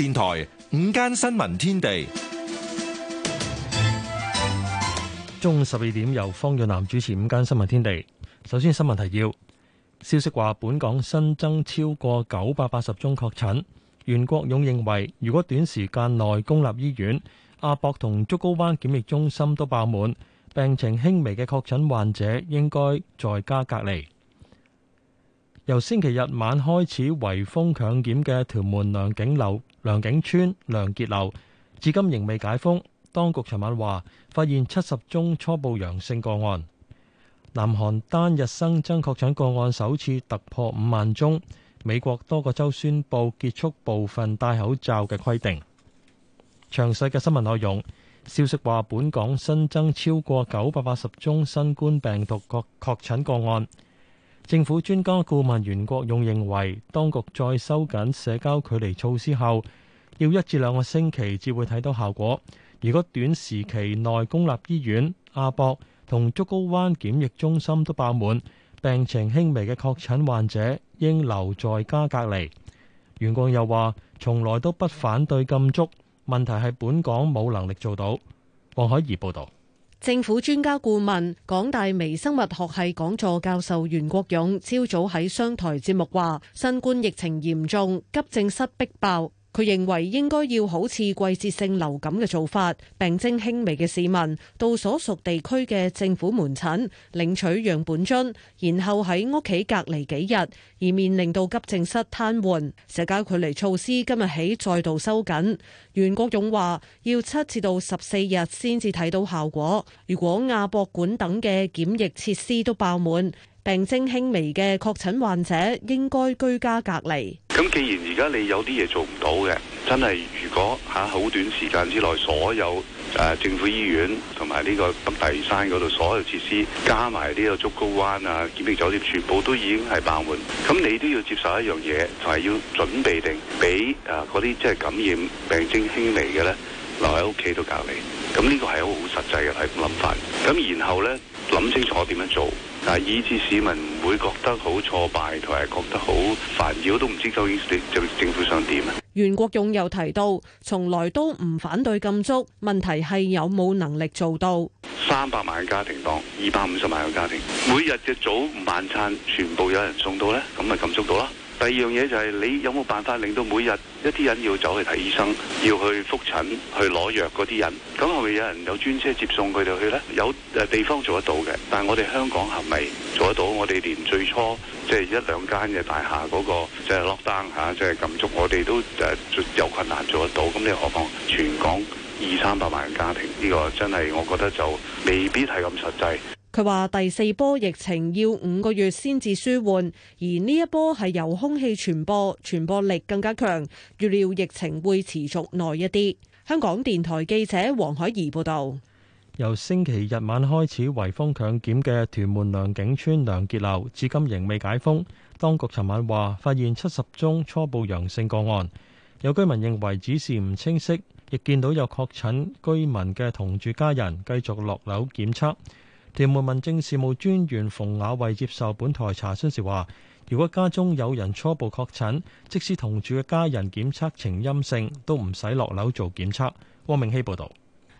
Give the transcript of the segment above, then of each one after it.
電台午間新聞天地，中午十二點由方潤南主持《午間新聞天地》。首先新聞提要：消息話本港新增超過九百八十宗確診。袁國勇認為，如果短時間內公立醫院、亞博同竹篙灣檢疫中心都爆滿，病情輕微嘅確診患者應該在家隔離。由星期日晚開始圍封強檢嘅屯門良景樓。梁景川梁傑樓至今仍未解封。當局尋晚話發現七十宗初步陽性個案。南韓單日新增確診個案首次突破五萬宗。美國多個州宣布結束部分戴口罩嘅規定。詳細嘅新聞內容，消息話本港新增超過九百八十宗新冠病毒確確診個案。政府專家顧問袁國勇認為，當局再收緊社交距離措施後，要一至兩個星期至會睇到效果。如果短時期內公立醫院、亞博同竹篙灣檢疫中心都爆滿，病情輕微嘅確診患者應留在家隔離。袁國勇又話：從來都不反對禁足，問題係本港冇能力做到。黃海怡報導。政府專家顧問、港大微生物學系講座教授袁國勇朝早喺商台節目話：新冠疫情嚴重，急症室迫爆。佢認為應該要好似季節性流感嘅做法，病徵輕微嘅市民到所屬地區嘅政府門診領取樣本樽，然後喺屋企隔離幾日，以免令到急症室癱瘓。社交距離措施今日起再度收緊。袁國勇話要七至到十四日先至睇到效果，如果亞博館等嘅檢疫設施都爆滿。病症輕微嘅確診患者應該居家隔離。咁既然而家你有啲嘢做唔到嘅，真係如果吓好短時間之內，所有誒政府醫院同埋呢個北大嶼山嗰度所有設施，加埋呢個竹篙灣啊、檢疫酒店，全部都已經係爆滿。咁你都要接受一樣嘢，就係、是、要準備定俾誒嗰啲即係感染病症輕微嘅咧，留喺屋企度隔離。咁呢個係一個好實際嘅諗法。咁然後咧。諗清楚點樣做，但以致市民唔會覺得好挫敗，同埋覺得好煩擾，都唔知究竟政府想點啊？袁國勇又提到，從來都唔反對禁足，問題係有冇能力做到？三百萬嘅家庭當二百五十萬嘅家庭，每日嘅早晚餐全部有人送到咧，咁咪禁足到啦。第二樣嘢就係你有冇辦法令到每日一啲人要走去睇醫生、要去覆診、去攞藥嗰啲人，咁係咪有人有專車接送佢哋去咧？有誒地方做得到嘅，但係我哋香港係咪做得到？我哋連最初即係、就是、一兩間嘅大廈嗰、那個即係 lock down 吓，即係禁足，我哋都誒有困難做得到。咁你何況全港二三百萬家庭呢、這個真係，我覺得就未必係咁實際。佢話：第四波疫情要五個月先至舒緩，而呢一波係由空氣傳播，傳播力更加強，預料疫情會持續耐一啲。香港電台記者黃海怡報導。由星期日晚開始，圍封強檢嘅屯門良景村良傑樓至今仍未解封。當局尋晚話發現七十宗初步陽性個案，有居民認為指示唔清晰，亦見到有確診居民嘅同住家人繼續落樓檢測。屯門民政事務專員馮雅慧接受本台查詢時話，如果家中有人初步確診，即使同住嘅家人檢測呈陰性，都唔使落樓做檢測。汪明希報導。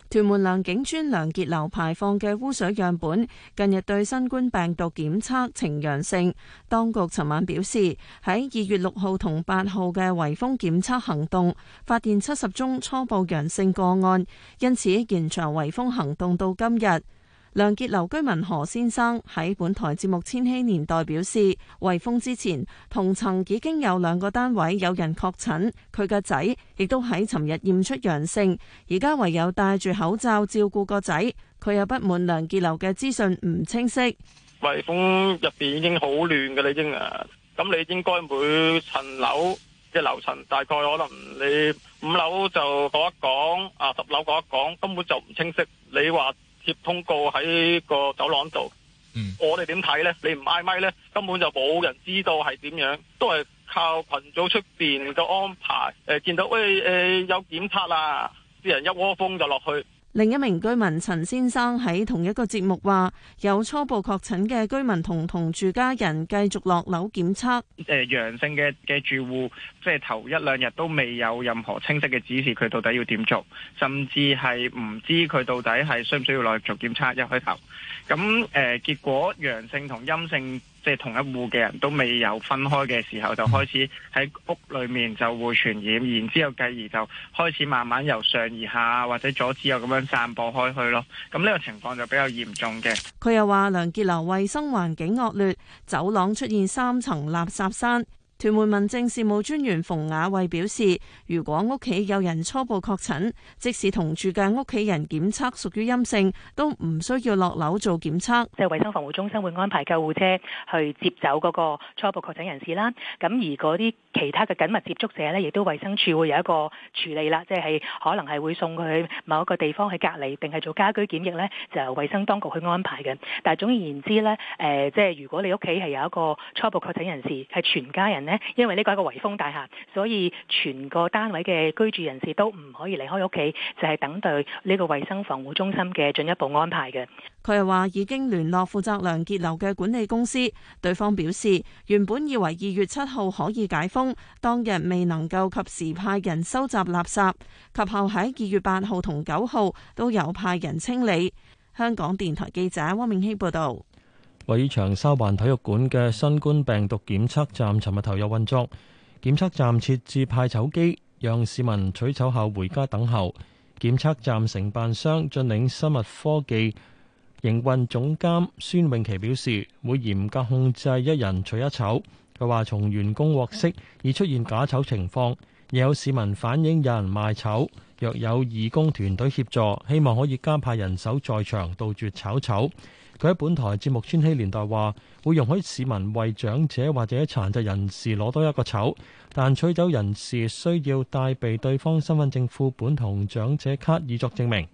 屯門良景村良傑樓排放嘅污水樣本近日對新冠病毒檢測呈陽性，當局尋晚表示喺二月六號同八號嘅圍封檢測行動發現七十宗初步陽性個案，因此延長圍封行動到今日。梁傑樓居民何先生喺本台節目《千禧年代》表示，圍封之前，同層已經有兩個單位有人確診，佢嘅仔亦都喺尋日驗出陽性，而家唯有戴住口罩照顧個仔。佢又不滿梁傑樓嘅資訊唔清晰，圍封入邊已經好亂嘅，你應啊，咁你應該每層樓嘅，就是，樓層大概可能你五樓就講一講，啊十樓講一講，根本就唔清晰。你話？接通告喺個走廊度，嗯、我哋點睇咧？你唔嗌咪咧，根本就冇人知道係點樣，都係靠群組出邊嘅安排。誒、呃，見到誒誒、呃、有檢測啦，啲人一窩蜂，蜂就落去。另一名居民陳先生喺同一個節目話，有初步確診嘅居民同同住家人繼續落樓檢測。誒、呃，陽性嘅嘅住戶，即係頭一兩日都未有任何清晰嘅指示，佢到底要點做，甚至係唔知佢到底係需唔需要落去做檢測。一開頭，咁、嗯、誒、呃，結果陽性同陰性。即係同一戶嘅人都未有分開嘅時候，就開始喺屋裏面就會傳染，然之後繼而就開始慢慢由上而下或者左至右咁樣散播開去咯。咁、這、呢個情況就比較嚴重嘅。佢又話：梁傑樓衞生環境惡劣，走廊出現三層垃圾山。屯門民政事務專員馮雅慧表示，如果屋企有人初步確診，即使同住嘅屋企人檢測屬於陰性，都唔需要落樓做檢測，即係衞生防護中心會安排救護車去接走嗰個初步確診人士啦。咁而嗰啲其他嘅緊密接觸者呢，亦都衛生署會有一個處理啦，即係可能係會送佢去某一個地方去隔離，定係做家居檢疫呢，就由衛生當局去安排嘅。但係總而言之呢，誒、呃，即係如果你屋企係有一個初步確診人士，係全家人呢，因為呢個係一個圍封大廈，所以全個單位嘅居住人士都唔可以離開屋企，就係、是、等待呢個衞生防護中心嘅進一步安排嘅。佢又話已經聯絡負責梁傑樓嘅管理公司，對方表示原本以為二月七號可以解封。當日未能夠及時派人收集垃圾，及後喺二月八號同九號都有派人清理。香港電台記者汪明希報道。位於長沙灣體育館嘅新冠病毒檢測站尋日投入運作，檢測站設置派籌機，讓市民取籌後回家等候。檢測站承辦商進領生物科技營運總監孫永琪表示，會嚴格控制一人取一籌。佢話：從員工獲悉而出現假籌情況，亦有市民反映有人賣籌。若有義工團隊協助，希望可以加派人手在場，杜絕炒籌。佢喺本台節目《千禧年代》話：會容許市民為長者或者殘疾人士攞多一個籌，但取走人士需要帶備對方身份證副本同長者卡以作證明。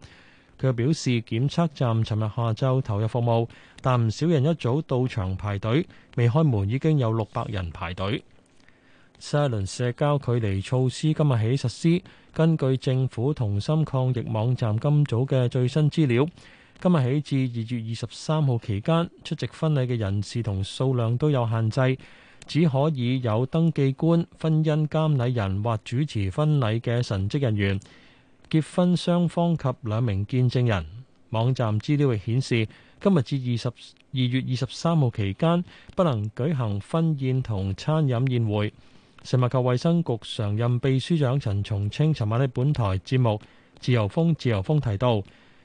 佢表示，檢測站尋日下晝投入服務，但唔少人一早到場排隊，未開門已經有六百人排隊。新一輪社交距離措施今日起實施。根據政府同心抗疫網站今早嘅最新資料，今日起至二月二十三號期間，出席婚禮嘅人士同數量都有限制，只可以有登記官、婚姻監禮人或主持婚禮嘅神職人員。結婚雙方及兩名見證人。網站資料亦顯示，今日至二十二月二十三號期間不能舉行婚宴同餐飲宴會。食物及衛生局常任秘書長陳松青尋晚喺本台節目《自由風自由風》提到，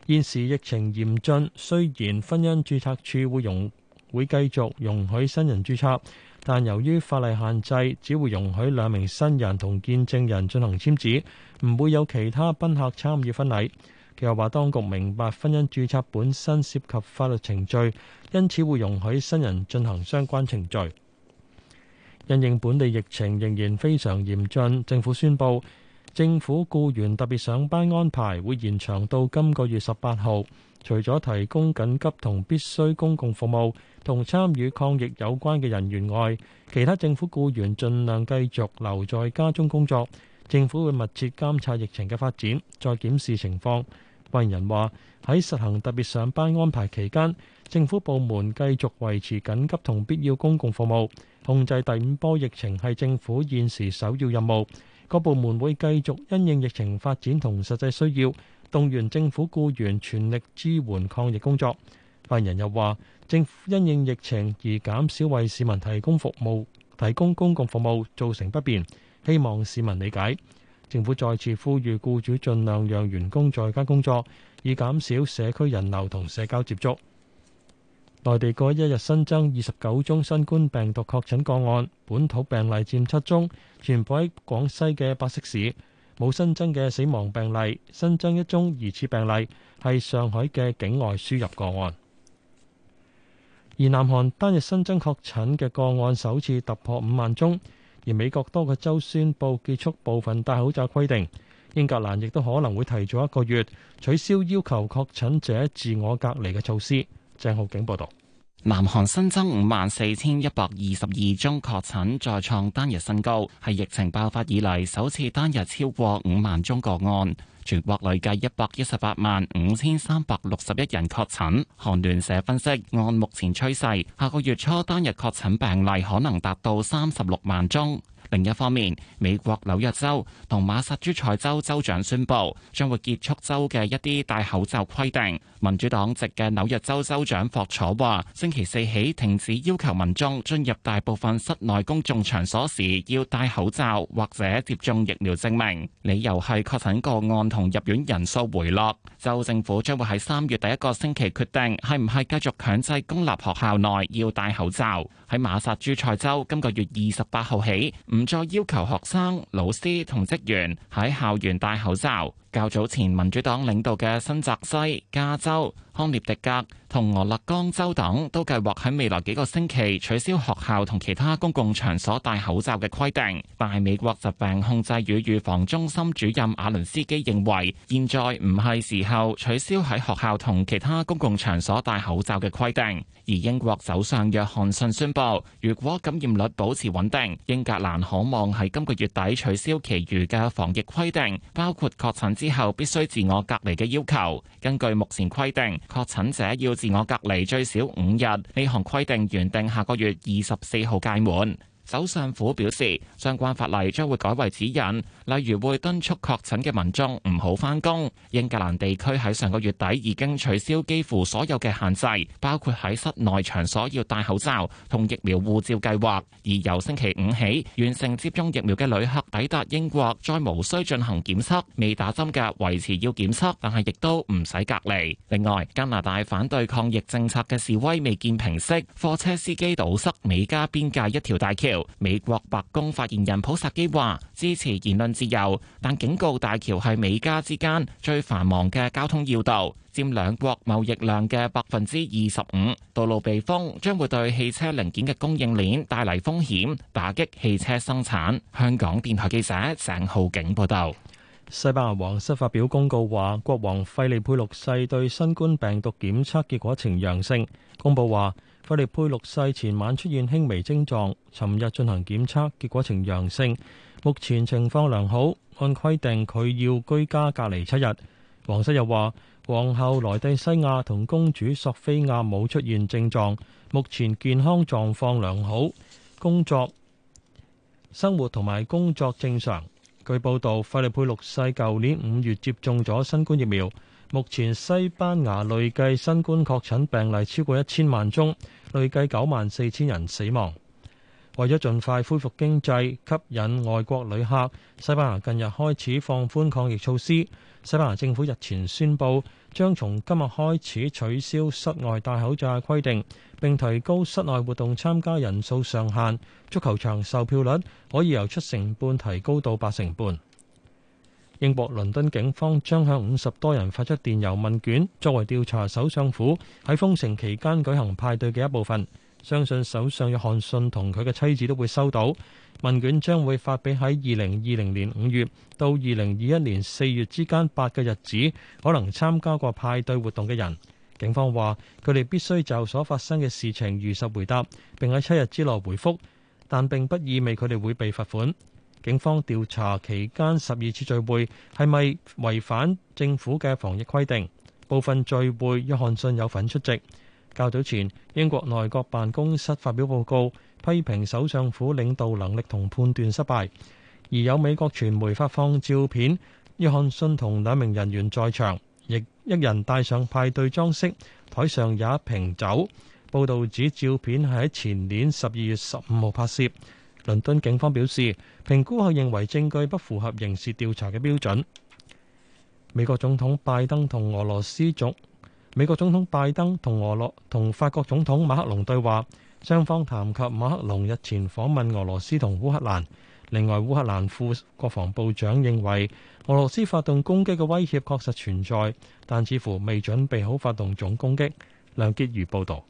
現時疫情嚴峻，雖然婚姻註冊處會容會繼續容許新人註冊。但由於法例限制，只會容許兩名新人同見證人進行簽字，唔會有其他賓客參與婚禮。佢又話，當局明白婚姻註冊本身涉及法律程序，因此會容許新人進行相關程序。因應本地疫情仍然非常嚴峻，政府宣布政府雇員特別上班安排會延長到今個月十八號。除咗提供緊急同必須公共服務同參與抗疫有關嘅人員外，其他政府僱員盡量繼續留在家中工作。政府會密切監察疫情嘅發展，再檢視情況。發言人話：喺實行特別上班安排期間，政府部門繼續維持緊急同必要公共服務。控制第五波疫情係政府現時首要任務。各部門會繼續因應疫情發展同實際需要。動員政府僱員全力支援抗疫工作。發言人又話，政府因應疫情而減少為市民提供服務，提供公共服務造成不便，希望市民理解。政府再次呼籲僱主盡量讓員工在家工作，以減少社區人流同社交接觸。內地過一日新增二十九宗新冠病毒確診個案，本土病例佔七宗，全部喺廣西嘅百色市。冇新增嘅死亡病例，新增一宗疑似病例，係上海嘅境外輸入個案。而南韓單日新增確診嘅個案首次突破五萬宗，而美國多個州宣布結束部分戴口罩規定，英格蘭亦都可能會提早一個月取消要求確診者自我隔離嘅措施。鄭浩景報道。南韓新增五萬四千一百二十二宗確診，再創單日新高，係疫情爆發以嚟首次單日超過五萬宗個案。全國累計一百一十八萬五千三百六十一人確診。韓聯社分析，按目前趨勢，下個月初單日確診病例可能達到三十六萬宗。另一方面，美國紐約州同馬薩諸塞州州長宣布，將會結束州嘅一啲戴口罩規定。民主黨籍嘅紐約州州長霍楚話，星期四起停止要求民眾進入大部分室內公眾場所時要戴口罩或者接種疫苗證明，理由係確診個案同入院人數回落。州政府將會喺三月第一個星期決定係唔係繼續強制公立學校內要戴口罩。喺馬薩諸塞州，今個月二十八號起，唔再要求學生、老師同職員喺校園戴口罩。較早前，民主黨領導嘅新澤西、加州、康涅狄格同俄勒岡州等都計劃喺未來幾個星期取消學校同其他公共場所戴口罩嘅規定，但係美國疾病控制與預防中心主任瓦倫斯基認為，現在唔係時候取消喺學校同其他公共場所戴口罩嘅規定。而英國首相約翰遜宣布，如果感染率保持穩定，英格蘭可望喺今個月底取消其餘嘅防疫規定，包括確診之後必須自我隔離嘅要求，根據目前規定，確診者要自我隔離最少五日。呢項規定原定下個月二十四號屆滿。首相府表示，相關法例將會改為指引，例如會敦促確診嘅民眾唔好返工。英格蘭地區喺上個月底已經取消幾乎所有嘅限制，包括喺室內場所要戴口罩同疫苗護照計劃。而由星期五起，完成接種疫苗嘅旅客抵達英國，再無需進行檢測；未打針嘅維持要檢測，但係亦都唔使隔離。另外，加拿大反對抗疫政策嘅示威未見平息，貨車司機堵塞美加邊界一條大橋。美國白宮發言人普薩基話：支持言論自由，但警告大橋係美加之間最繁忙嘅交通要道，佔兩國貿易量嘅百分之二十五。道路被封將會對汽車零件嘅供應鏈帶嚟風險，打擊汽車生產。香港電台記者鄭浩景報道。西班牙王室發表公告話，國王費利佩六世對新冠病毒檢測結果呈陽性。公佈話。費利佩六世前晚出現輕微症狀，尋日進行檢測，結果呈陽性，目前情況良好。按規定，佢要居家隔離七日。王室又話，皇后萊蒂西亞同公主索菲亞冇出現症狀，目前健康狀況良好，工作、生活同埋工作正常。據報道，費利佩六世舊年五月接種咗新冠疫苗。目前西班牙累計新冠確診病例超過一千萬宗，累計九萬四千人死亡。為咗盡快恢復經濟、吸引外國旅客，西班牙近日開始放寬抗疫措施。西班牙政府日前宣布，將從今日開始取消室外戴口罩規定，並提高室內活動參加人數上限。足球場售票率可以由七成半提高到八成半。英國倫敦警方將向五十多人發出電郵問卷，作為調查首相府喺封城期間舉行派對嘅一部分。相信首相約翰遜同佢嘅妻子都會收到問卷，將會發俾喺二零二零年五月到二零二一年四月之間八個日子可能參加過派對活動嘅人。警方話佢哋必須就所發生嘅事情如實回答，並喺七日之內回覆，但並不意味佢哋會被罰款。警方調查期間十二次聚會係咪違反政府嘅防疫規定？部分聚會，約翰遜有份出席。較早前，英國內閣辦公室發表報告，批評首相府領導能力同判斷失敗。而有美國傳媒發放照片，約翰遜同兩名人員在場，亦一人戴上派對裝飾，台上也一瓶酒。報導指照片係喺前年十二月十五號拍攝。倫敦警方表示，評估後認為證據不符合刑事調查嘅標準。美國總統拜登同俄羅斯總美國總統拜登同俄羅同法國總統馬克龍對話，雙方談及馬克龍日前訪問俄羅斯同烏克蘭。另外，烏克蘭副國防部長認為俄羅斯發動攻擊嘅威脅確實存在，但似乎未準備好發動總攻擊。梁潔瑜報道。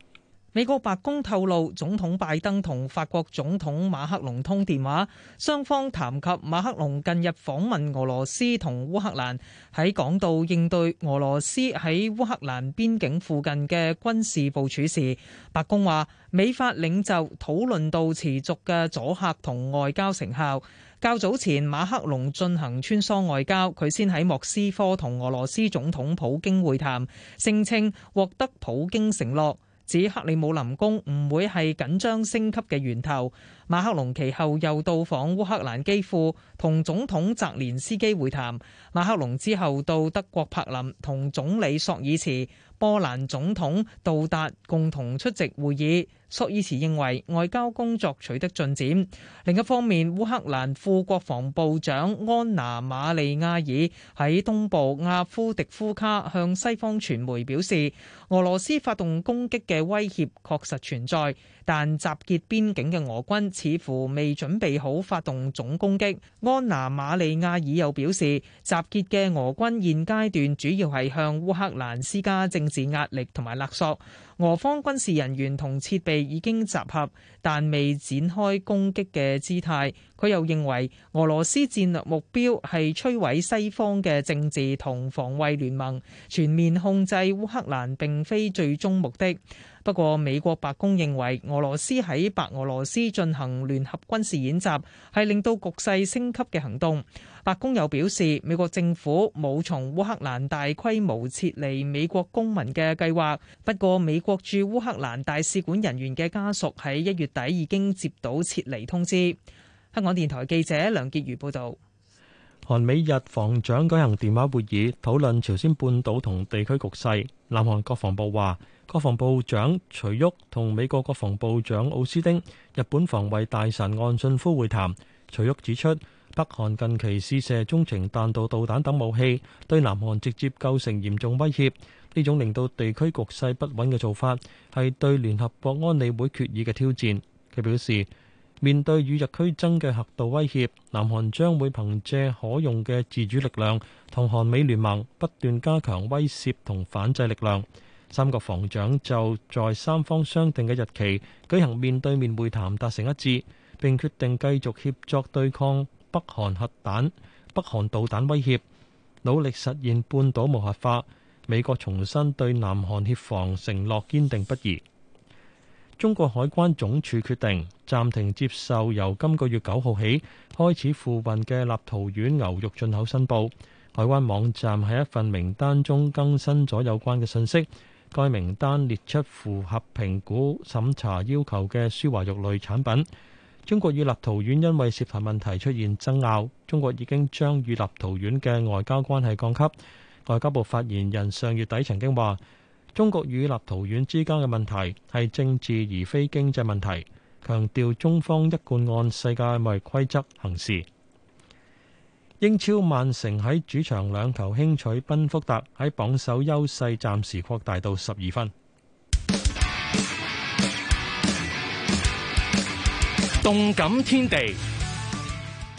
美國白宮透露，總統拜登同法國總統馬克龍通電話，雙方談及馬克龍近日訪問俄羅斯同烏克蘭，喺講到應對俄羅斯喺烏克蘭邊境附近嘅軍事部署時，白宮話美法領袖討論到持續嘅阻嚇同外交成效。較早前馬克龍進行穿梭外交，佢先喺莫斯科同俄羅斯總統普京會談，聲稱獲得普京承諾。指克里姆林宮唔會係緊張升級嘅源頭，馬克龍其後又到訪烏克蘭機庫同總統澤連斯基會談，馬克龍之後到德國柏林，同總理索爾茨。波蘭總統到達共同出席會議，索爾茨認為外交工作取得進展。另一方面，烏克蘭副國防部長安娜馬利亞爾喺東部阿夫迪夫卡向西方傳媒表示，俄羅斯發動攻擊嘅威脅確實存在，但集結邊境嘅俄軍似乎未準備好發動總攻擊。安娜馬利亞爾又表示，集結嘅俄軍現階段主要係向烏克蘭施加政指壓力同埋勒索，俄方軍事人員同設備已經集合，但未展開攻擊嘅姿態。佢又認為，俄羅斯戰略目標係摧毀西方嘅政治同防衛聯盟，全面控制烏克蘭並非最終目的。不過，美國白宮認為，俄羅斯喺白俄羅斯進行聯合軍事演習係令到局勢升級嘅行動。白宮又表示，美國政府冇從烏克蘭大規模撤離美國公民嘅計劃。不過，美國駐烏克蘭大使館人員嘅家屬喺一月底已經接到撤離通知。香港電台記者梁潔如報導。韓美日防長舉行電話會議，討論朝鮮半島同地區局勢。南韓國防部話，國防部長徐旭同美國國防部長奧斯丁、日本防衛大臣岸信夫會談。徐旭指出，北韓近期試射中程彈道導彈等武器，對南韓直接構成嚴重威脅。呢種令到地區局勢不穩嘅做法，係對聯合國安理會決議嘅挑戰。佢表示，面對與日俱增嘅核導威脅，南韓將會憑借可用嘅自主力量，同韓美聯盟不斷加強威懾同反制力量。三國防長就在三方商定嘅日期舉行面對面會談，達成一致，並決定繼續協助對抗。北韓核彈、北韓導彈威脅，努力實現半島無核化。美國重新對南韓協防承諾堅定不移。中國海關總署決定暫停接受由今個月九號起開始付運嘅立陶宛牛肉進口申報。海關網站喺一份名單中更新咗有關嘅信息，該名單列出符合評估審查要求嘅輸華肉類產品。中國與立陶宛因為涉台問題出現爭拗，中國已經將與立陶宛嘅外交關係降級。外交部發言人上月底曾經話，中國與立陶宛之間嘅問題係政治而非經濟問題，強調中方一貫按世界貿易規則行事。英超曼城喺主場兩球輕取賓福特，喺榜首優勢暫時擴大到十二分。動感天地，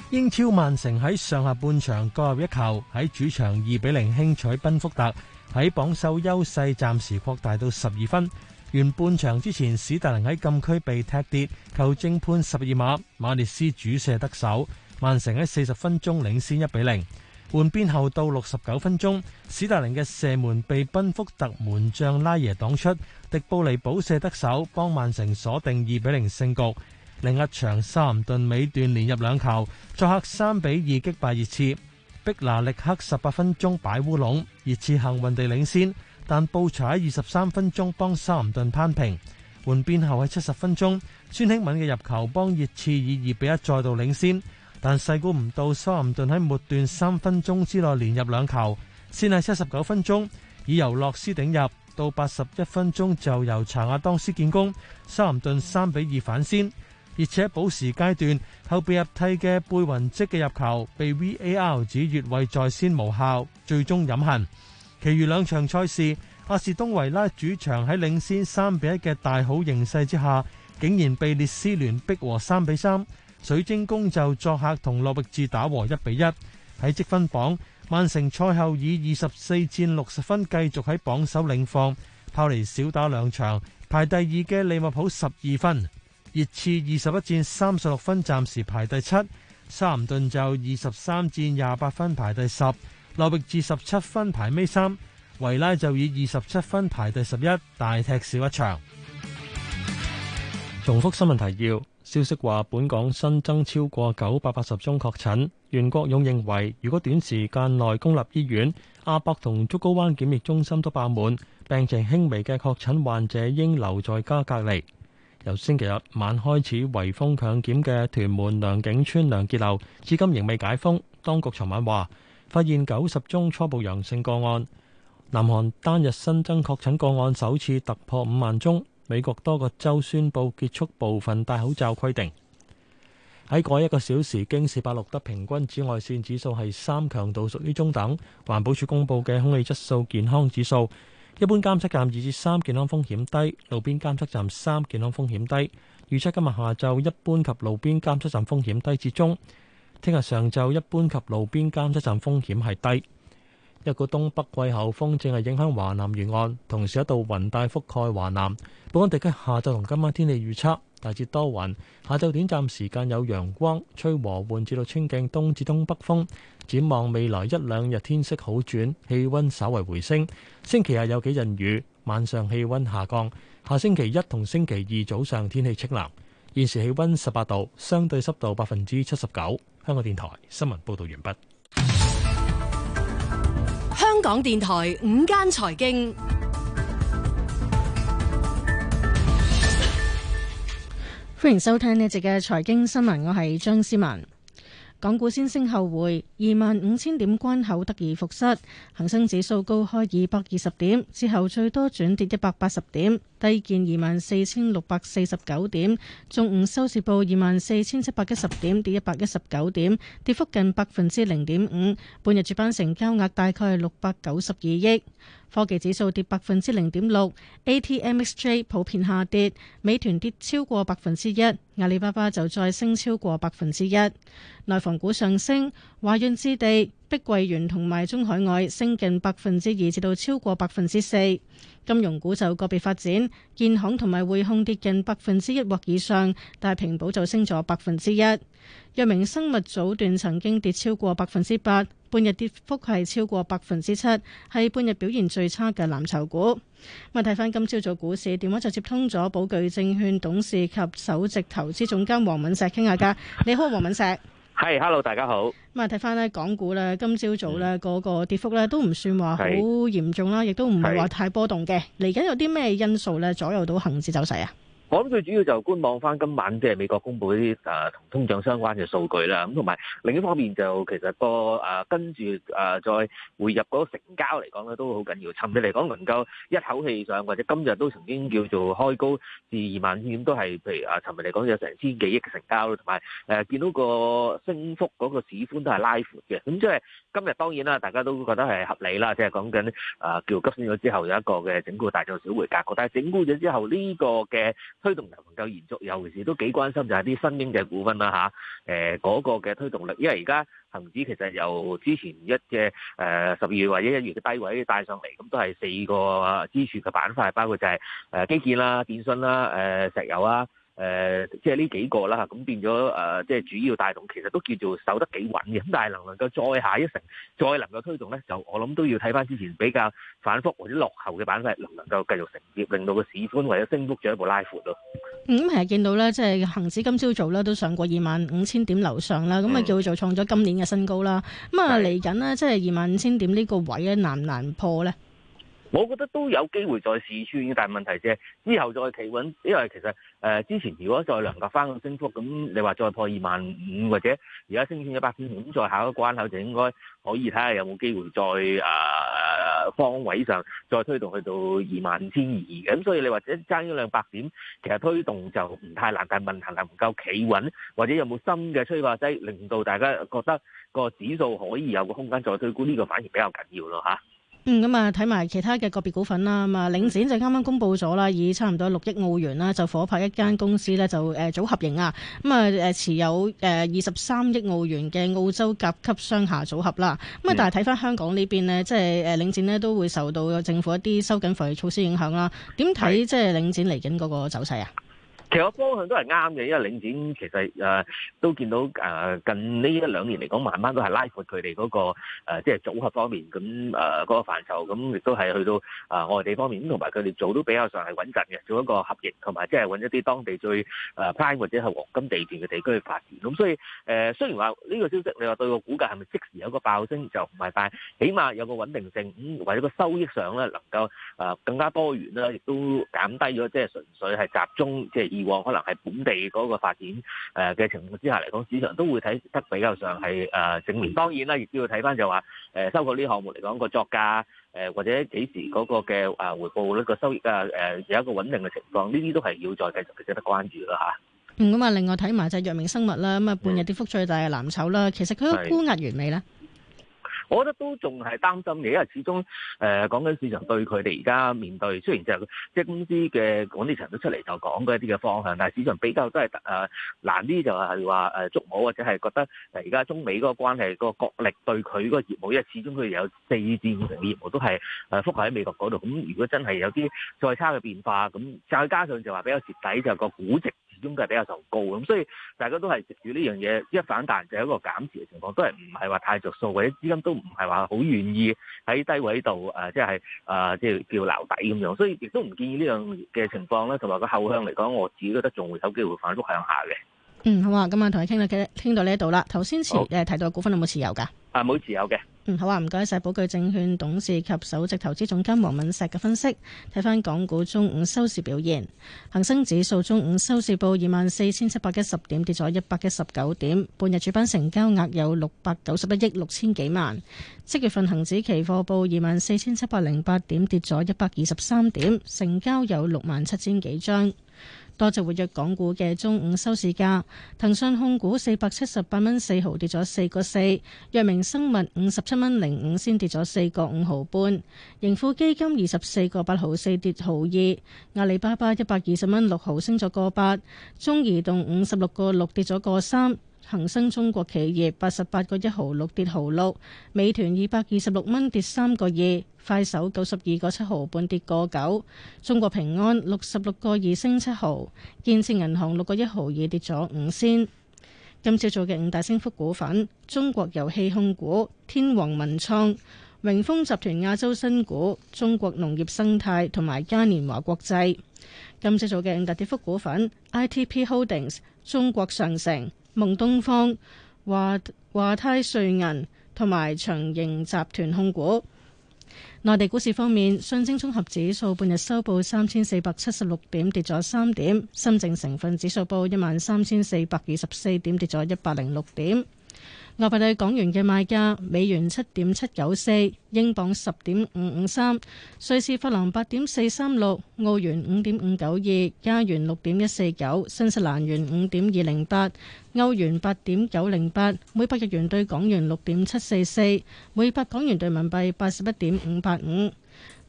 英超曼城喺上下半場各入一球，喺主場二比零輕取賓福特，喺榜首優勢暫時擴大到十二分。完半場之前，史達林喺禁區被踢跌，球證判十二碼，馬列斯主射得手，曼城喺四十分鐘領先一比零。換邊後到六十九分鐘，史達林嘅射門被賓福特門將拉耶擋出，迪布尼補射得手，幫曼城鎖定二比零勝局。另一場，修咸頓尾段連入兩球，作客三比二擊敗熱刺。碧拿力克十八分鐘擺烏龍，熱刺幸運地領先，但布查喺二十三分鐘幫修咸頓攤平。換邊後喺七十分鐘，孫興敏嘅入球幫熱刺以二比一再度領先，但細估唔到修咸頓喺末段三分鐘之內連入兩球。先喺七十九分鐘，已由洛斯頂入，到八十一分鐘就由查亞當斯建功，修咸頓三比二反先。而且補時階段後備入替嘅貝雲積嘅入球被 VAR 指越位在先無效，最終飲恨。其餘兩場賽事，阿士東維拉主場喺領先三比一嘅大好形勢之下，竟然被列斯聯逼和三比三。水晶宮就作客同諾域治打和一比一。喺積分榜，曼城賽後以二十四戰六十分繼續喺榜首領放，拋離少打兩場，排第二嘅利物浦十二分。熱刺二十一戰三十六分，暫時排第七；沙林頓就二十三戰廿八分排第十；劉域至十七分排尾三；維拉就以二十七分排第十一，大踢少一場。重複新聞提要：消息話，本港新增超過九百八十宗確診。袁國勇認為，如果短時間內公立醫院、亞博同竹篙灣檢疫中心都爆滿，病情輕微嘅確診患者應留在家隔離。由星期日晚開始圍封強檢嘅屯門良景村良傑樓，至今仍未解封。當局尋晚話，發現九十宗初步陽性個案。南韓單日新增確診個案首次突破五萬宗。美國多個州宣布結束部分戴口罩規定。喺過一個小時，京士柏錄得平均紫外線指數係三，強度屬於中等。環保署公布嘅空氣質素健康指數。一般監測站，二至三，健康風險低，路邊監測站，三，健康風險低。預測今日下晝一般及路邊監測站風險低至中，聽日上晝一般及路邊監測站風險係低。一個東北季候風正係影響華南沿岸，同時一道雲帶覆蓋華南。本港地區下晝同今晚天氣預測，大致多雲，下晝短暫時間有陽光，吹和緩至到清勁東至東北風。展望未來一兩日，天色好轉，氣溫稍為回升。星期日有幾陣雨，晚上氣溫下降。下星期一同星期二早上天氣清涼。現時氣溫十八度，相對濕度百分之七十九。香港電台新聞報道完畢。香港電台午間財經，歡迎收聽呢集嘅財經新聞，我係張思文。港股先升後回，二萬五千點關口得而復失。恒生指數高開二百二十點，之後最多轉跌一百八十點，低見二萬四千六百四十九點。中午收市報二萬四千七百一十點，跌一百一十九點，跌幅近百分之零點五。半日主板成交額大概六百九十二億。科技指數跌百分之零點六，A T M X J 普遍下跌，美團跌超過百分之一，阿里巴巴就再升超過百分之一。內房股上升，華潤置地、碧桂園同埋中海外升近百分之二至到超過百分之四。金融股就個別發展，建行同埋匯控跌近百分之一或以上，大平保就升咗百分之一。藥明生物早段曾經跌超過百分之八。半日跌幅係超過百分之七，係半日表現最差嘅藍籌股。咁啊，睇翻今朝早股市，電話就接通咗寶巨證券董事及首席投資總監黃敏石傾下家。 你好，黃敏石。係、hey，hello，大家好。咁啊，睇翻咧港股咧，今朝早咧個跌幅咧都唔算話好嚴重啦，亦都唔係話太波動嘅。嚟緊有啲咩因素咧左右到行至走勢啊？我諗最主要就觀望翻今晚即係美國公布啲誒同通脹相關嘅數據啦，咁同埋另一方面就其實個誒跟住誒再回入嗰個成交嚟講咧都好緊要。尋日嚟講能夠一口氣上，或者今日都曾經叫做開高至二萬點，都係譬如誒尋日嚟講有成千幾億嘅成交，同埋誒見到個升幅嗰個市寬都係拉闊嘅。咁即係今日當然啦，大家都覺得係合理啦，即係講緊誒叫急升咗之後有一個嘅整固大漲小回格局，但係整固咗之後呢個嘅。.推動能夠延續，尤其是都幾關心就係啲新經濟股份啦嚇，誒、啊、嗰、呃那個嘅推動力，因為而家恒指其實由之前一隻誒十二月或者一月嘅低位帶上嚟，咁都係四個支柱嘅板塊，包括就係誒基建啦、電信啦、誒、呃、石油啦。誒、呃，即係呢幾個啦，咁變咗誒、呃，即係主要帶動，其實都叫做守得幾穩嘅。咁但係能唔能夠再下一城，再能夠推動咧？就我諗都要睇返之前比較反覆或者落後嘅板塊，能唔能夠繼續承接，令到個市寬或者升幅進一步拉闊咯。咁係見到咧，嗯嗯、即係恆指今朝早咧都上過二萬五千點樓上啦，咁啊叫做創咗今年嘅新高啦。咁啊嚟緊呢，即係二萬五千點呢個位咧難唔難破咧？我覺得都有機會再試穿，但係問題就係之後再企穩，因為其實誒、呃、之前如果再量夠翻個升幅，咁你話再破二萬五或者而家升穿一百點，咁再下個關口就應該可以睇下有冇機會再誒、呃、方位上再推動去到二萬五千二嘅，咁所以你話只爭一兩百點，其實推動就唔太難，但係問題係唔夠企穩，或者有冇新嘅催化劑令到大家覺得個指數可以有個空間再推高，呢、這個反而比較緊要咯嚇。嗯，咁啊睇埋其他嘅個別股份啦，咁啊領展就啱啱公布咗啦，以差唔多六億澳元啦，就伙拍一間公司咧，就誒組合型啊，咁啊誒持有誒二十三億澳元嘅澳洲甲級商廈組合啦，咁啊但係睇返香港呢邊呢，嗯、即係誒領展呢，都會受到政府一啲收緊防疫措施影響啦，點睇即係領展嚟緊嗰個走勢啊？其實方向都係啱嘅，因為領展其實誒都見到誒近呢一兩年嚟講慢慢都係拉闊佢哋嗰個即係組合方面，咁誒個範疇，咁亦都係去到誒外地方面，咁同埋佢哋做都比較上係穩陣嘅，做一個合營同埋即係揾一啲當地最誒 prime 或者係黃金地段嘅地區去發展。咁所以誒雖然話呢個消息，你話對個股價係咪即時有個爆升就唔係，但起碼有個穩定性，咁為咗個收益上咧能夠誒更加多元啦，亦都減低咗即係純粹係集中即係可能係本地嗰個發展誒嘅情況之下嚟講，市場都會睇得比較上係誒正面。當然啦，亦都要睇翻就話誒收購呢項目嚟講個作價誒，或者幾時嗰個嘅誒回報呢個收益誒有一個穩定嘅情況，呢啲都係要再繼續值得關注啦吓、嗯。嗯，咁啊，另外睇埋就係藥明生物啦，咁啊半日跌幅最大嘅藍籌啦，其實佢個沽壓完美咧。我覺得都仲係擔心嘅，因為始終誒講緊市場對佢哋而家面對，雖然就係即係公司嘅管理層都出嚟就講過一啲嘅方向，但係市場比較都係特誒難啲，就係話誒捉摸或者係覺得而家中美嗰個關係個國力對佢個業務，因為始終佢哋有四至五成嘅業務都係誒覆蓋喺美國嗰度，咁如果真係有啲再差嘅變化，咁再加上就話比較蝕底就個估值。總計比較就高咁，所以大家都係食住呢樣嘢一反彈就係一個減持嘅情況，都係唔係話太著數，或者資金都唔係話好願意喺低位度啊，即係啊，即、呃、係叫留底咁樣，所以亦都唔建議呢樣嘅情況咧，同埋個後向嚟講，我自己覺得仲會有機會反覆向下嘅。嗯，好啊，今晚同你傾到傾到呢一度啦。頭先前提到股份有冇持有噶？啊，冇持有嘅。嗯，好啊，唔該晒，寶钜證券董事及首席投資總監王敏石嘅分析。睇翻港股中午收市表現，恒生指數中午收市報二萬四千七百一十點，跌咗一百一十九點。半日主板成交額有六百九十一億六千幾萬。即月份恒指期貨報二萬四千七百零八點，跌咗一百二十三點，成交有六萬七千幾張。多隻活躍港股嘅中午收市價，騰訊控股四百七十八蚊四毫跌咗四個四，藥明生物五十七蚊零五先跌咗四個五毫半，盈富基金二十四個八毫四跌毫二，阿里巴巴一百二十蚊六毫升咗個八，中移動五十六個六跌咗個三，恒生中國企業八十八個一毫六跌毫六，美團二百二十六蚊跌三個二。快手九十二個七毫半跌個九，中國平安六十六個二升七毫，建設銀行六個一毫二跌咗五仙。今朝早嘅五大升幅股份：中國遊戲控股、天王文創、榮豐集團、亞洲新股、中國農業生態同埋嘉年華國際。今朝早嘅五大跌幅股份：I T P Holdings、中國上城、夢東方、華華泰瑞銀同埋長盈集團控股。內地股市方面，上證綜合指數半日收報三千四百七十六點，跌咗三點；深證成分指數報一萬三千四百二十四點，跌咗一百零六點。外匯對港元嘅賣價：美元七點七九四，英鎊十點五五三，瑞士法郎八點四三六，澳元五點五九二，加元六點一四九，新西蘭元五點二零八，歐元八點九零八，每百日元對港元六點七四四，每百港元對人民幣八十一點五八五。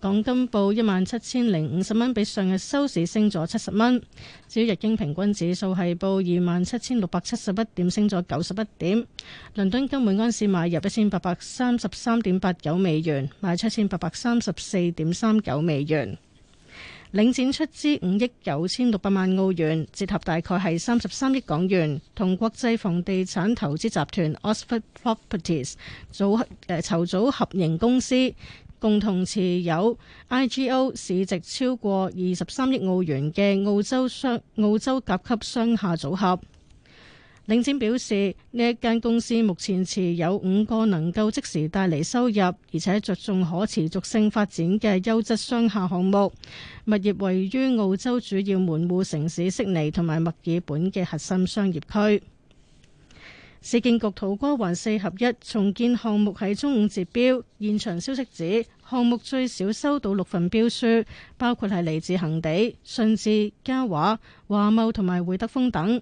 港金報一萬七千零五十蚊，比上日收市升咗七十蚊。至於日經平均指數係報二萬七千六百七十一點，升咗九十一點。倫敦金每安士買入一千八百三十三點八九美元，賣出一千八百三十四點三九美元。領展出資五億九千六百萬澳元，折合大概係三十三億港元，同國際房地產投資集團 Oxford Properties 組誒籌、呃、組合營公司。共同持有 I G O，市值超過二十三億澳元嘅澳洲商澳洲甲級商廈組合。領展表示，呢一間公司目前持有五個能夠即時帶嚟收入，而且着重可持續性發展嘅優質商廈項目。物業位於澳洲主要門戶城市悉尼同埋墨爾本嘅核心商業區。市建局土瓜灣四合一重建項目喺中午截標，現場消息指項目最少收到六份標書，包括係嚟自恒地、信智、嘉華、華茂同埋匯德豐等。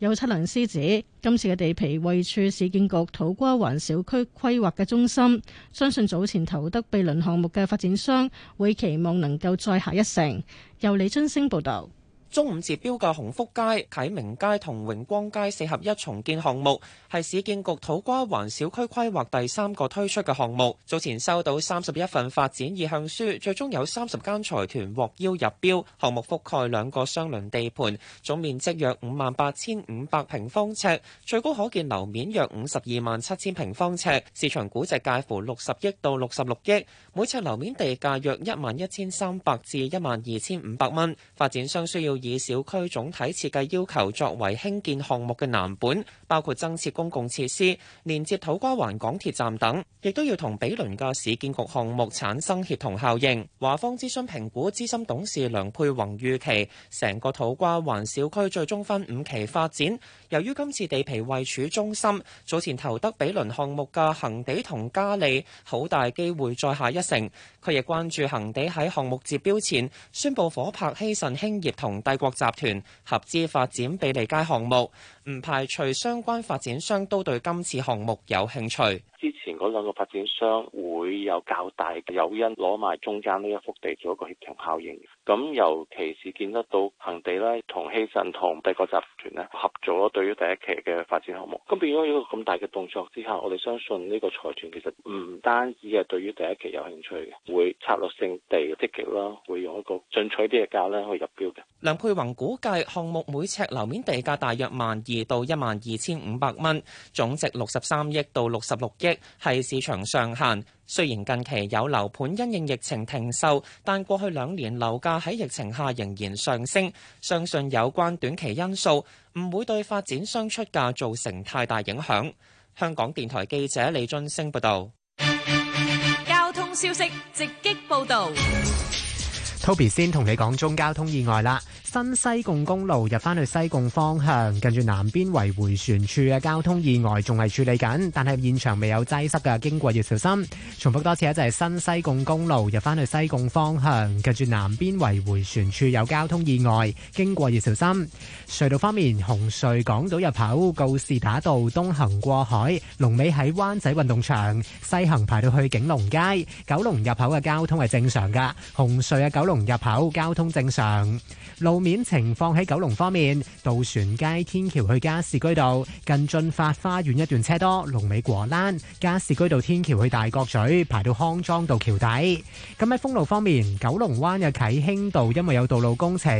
有七輪師指今次嘅地皮位處市建局土瓜灣小區規劃嘅中心，相信早前投得備輪項目嘅發展商會期望能夠再下一城。由李津升報道。中午截標嘅鴻福街、啟明街同榮光街四合一重建項目，係市建局土瓜灣小區規劃第三個推出嘅項目。早前收到三十一份發展意向書，最終有三十間財團獲邀入標。項目覆蓋兩個相鄰地盤，總面積約五萬八千五百平方尺，最高可建樓面約五十二萬七千平方尺，市場估值介乎六十億到六十六億，每尺樓面地價約一萬一千三百至一萬二千五百蚊。發展商需要以小區總體設計要求作為興建項目嘅藍本，包括增設公共設施、連接土瓜灣港鐵站等，亦都要同比鄰嘅市建局項目產生協同效應。華方諮詢評估資深董事梁佩宏預期，成個土瓜灣小區最終分五期發展。由於今次地皮位處中心，早前投得比鄰項目嘅恒地同嘉利好大機會再下一城。佢亦關注恒地喺項目截標前宣布伙拍希慎興業同帝國集團合資發展比利街項目。唔排除相關發展商都對今次項目有興趣。之前嗰兩個發展商會有較大嘅誘因攞埋中間呢一幅地做一個協同效應。咁尤其是見得到恒地咧同希慎同帝國集團咧合作咗對於第一期嘅發展項目。咁變咗一個咁大嘅動作之後，我哋相信呢個財團其實唔單止係對於第一期有興趣嘅，會策略性地積極啦，會用一個進取啲嘅價咧去入標嘅。梁佩宏估計項目每呎樓面地價大約萬二，到一萬二千五百蚊，總值六十三億到六十六億，係市場上限。雖然近期有樓盤因應疫情停售，但過去兩年樓價喺疫情下仍然上升。相信有關短期因素唔會對發展商出價造成太大影響。香港電台記者李俊升報導。交通消息直擊報導。Toby 先同你講中交通意外啦。新西貢公路入返去西貢方向，近住南邊圍回旋處嘅交通意外仲係處理緊，但係現場未有擠塞嘅，經過要小心。重複多次一就係、是、新西貢公路入返去西貢方向，近住南邊圍回旋處有交通意外，經過要小心。隧道方面，紅隧港島入口告士打道東行過海，龍尾喺灣仔運動場；西行排到去景隆街，九龍入口嘅交通係正常噶。紅隧啊，九龍入口交通正常。路。路面情況喺九龍方面，渡船街天橋去加士居道近駿發花園一段車多，龍尾過欄；加士居道天橋去大角咀排到康莊道橋底。咁喺封路方面，九龍灣嘅啟興道因為有道路工程，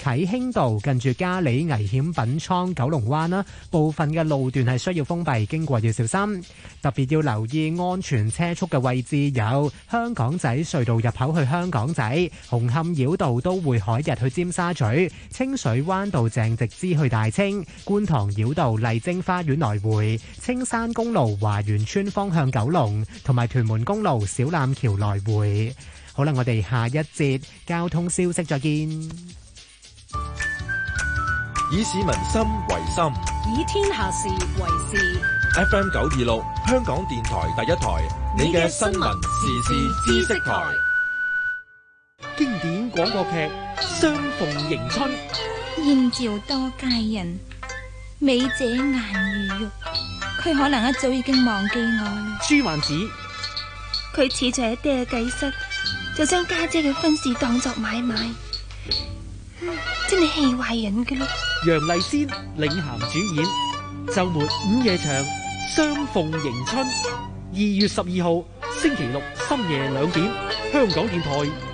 啟興道近住嘉里危險品倉九龍灣啦，部分嘅路段係需要封閉，經過要小心，特別要留意安全車速嘅位置有香港仔隧道入口去香港仔紅磡繞道都會海日去尖沙咀。水清水灣道鄭直支去大清，觀塘繞道麗晶花園來回，青山公路華園村方向九龍，同埋屯門公路小欖橋來回。好啦，我哋下一節交通消息再見。以市民心為心，以天下事為事。FM 九二六，香港電台第一台，你嘅新聞時事知識台。經典廣播劇《雙鳳迎春》，燕趙多佳人，美者顏如玉。佢可能一早已經忘記我啦。朱曼子，佢似住喺爹嘅計室，就將家姐嘅婚事當作買賣，嗯，真係氣壞人嘅咯。楊麗仙領銜主演，周末午夜場《雙鳳迎春》，二月十二號星期六深夜兩點，香港電台。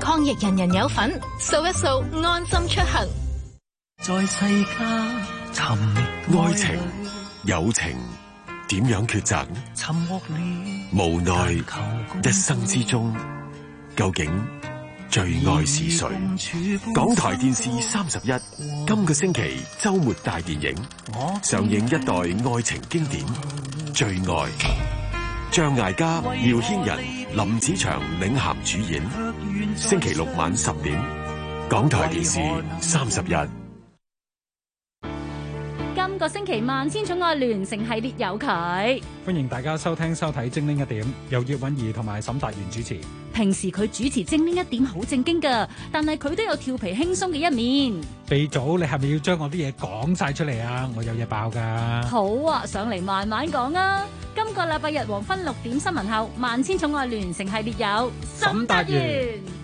抗疫人人有份，掃一掃安心出行。在世間，尋覓愛情、友情，點樣抉擇？沉默了，無奈一生之中，究竟最愛是誰？港台電視三十一，今個星期周末大電影上映一代愛情經典《最愛》，張艾嘉、繆騫人、林子祥領銜主演。星期六晚十點，港台電視三十日。嗯嗯嗯嗯嗯、今個星期萬千寵愛聯成系列有佢，歡迎大家收聽收睇《精靈一點》，由葉蘊儀同埋沈達元主持。平時佢主持《精靈一點》好正經㗎，但係佢都有調皮輕鬆嘅一面。肥祖，你係咪要將我啲嘢講晒出嚟啊？我有嘢爆㗎。好啊，上嚟慢慢講啊。今個禮拜日黃昏六點新聞後，《萬千寵愛聯成系列》有沈達元。